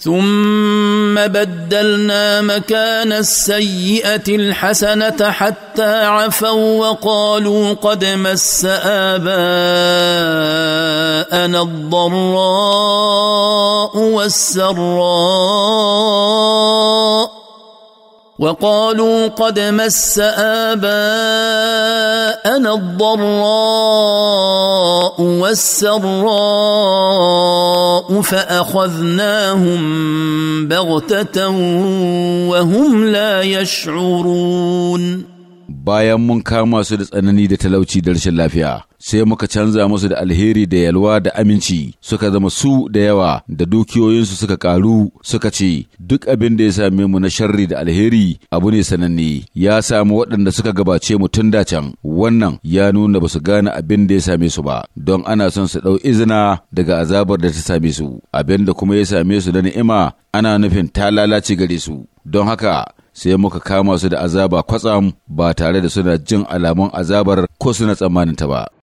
ثم بدلنا مكان السيئه الحسنه حتى عفوا وقالوا قد مس اباءنا الضراء والسراء وقالوا قد مس اباءنا الضراء والسراء فاخذناهم بغته وهم لا يشعرون bayan mun kama su da tsanani da talauci da rashin lafiya sai muka canza musu da alheri da yalwa da aminci suka zama su da yawa da dukiyoyinsu suka karu suka ce duk abin da ya same mu na sharri da alheri abu ne sananne ya samu waɗanda suka gabace mu tun da can wannan ya nuna ba su gane abin da ya same su ba don ana son su ɗau izina daga azabar da ta same su abin da kuma ya same su da ni'ima ana nufin ta lalace gare su don haka sai muka kama su da azaba kwatsam ba tare da suna jin alamun azabar ko suna tsammaninta ba.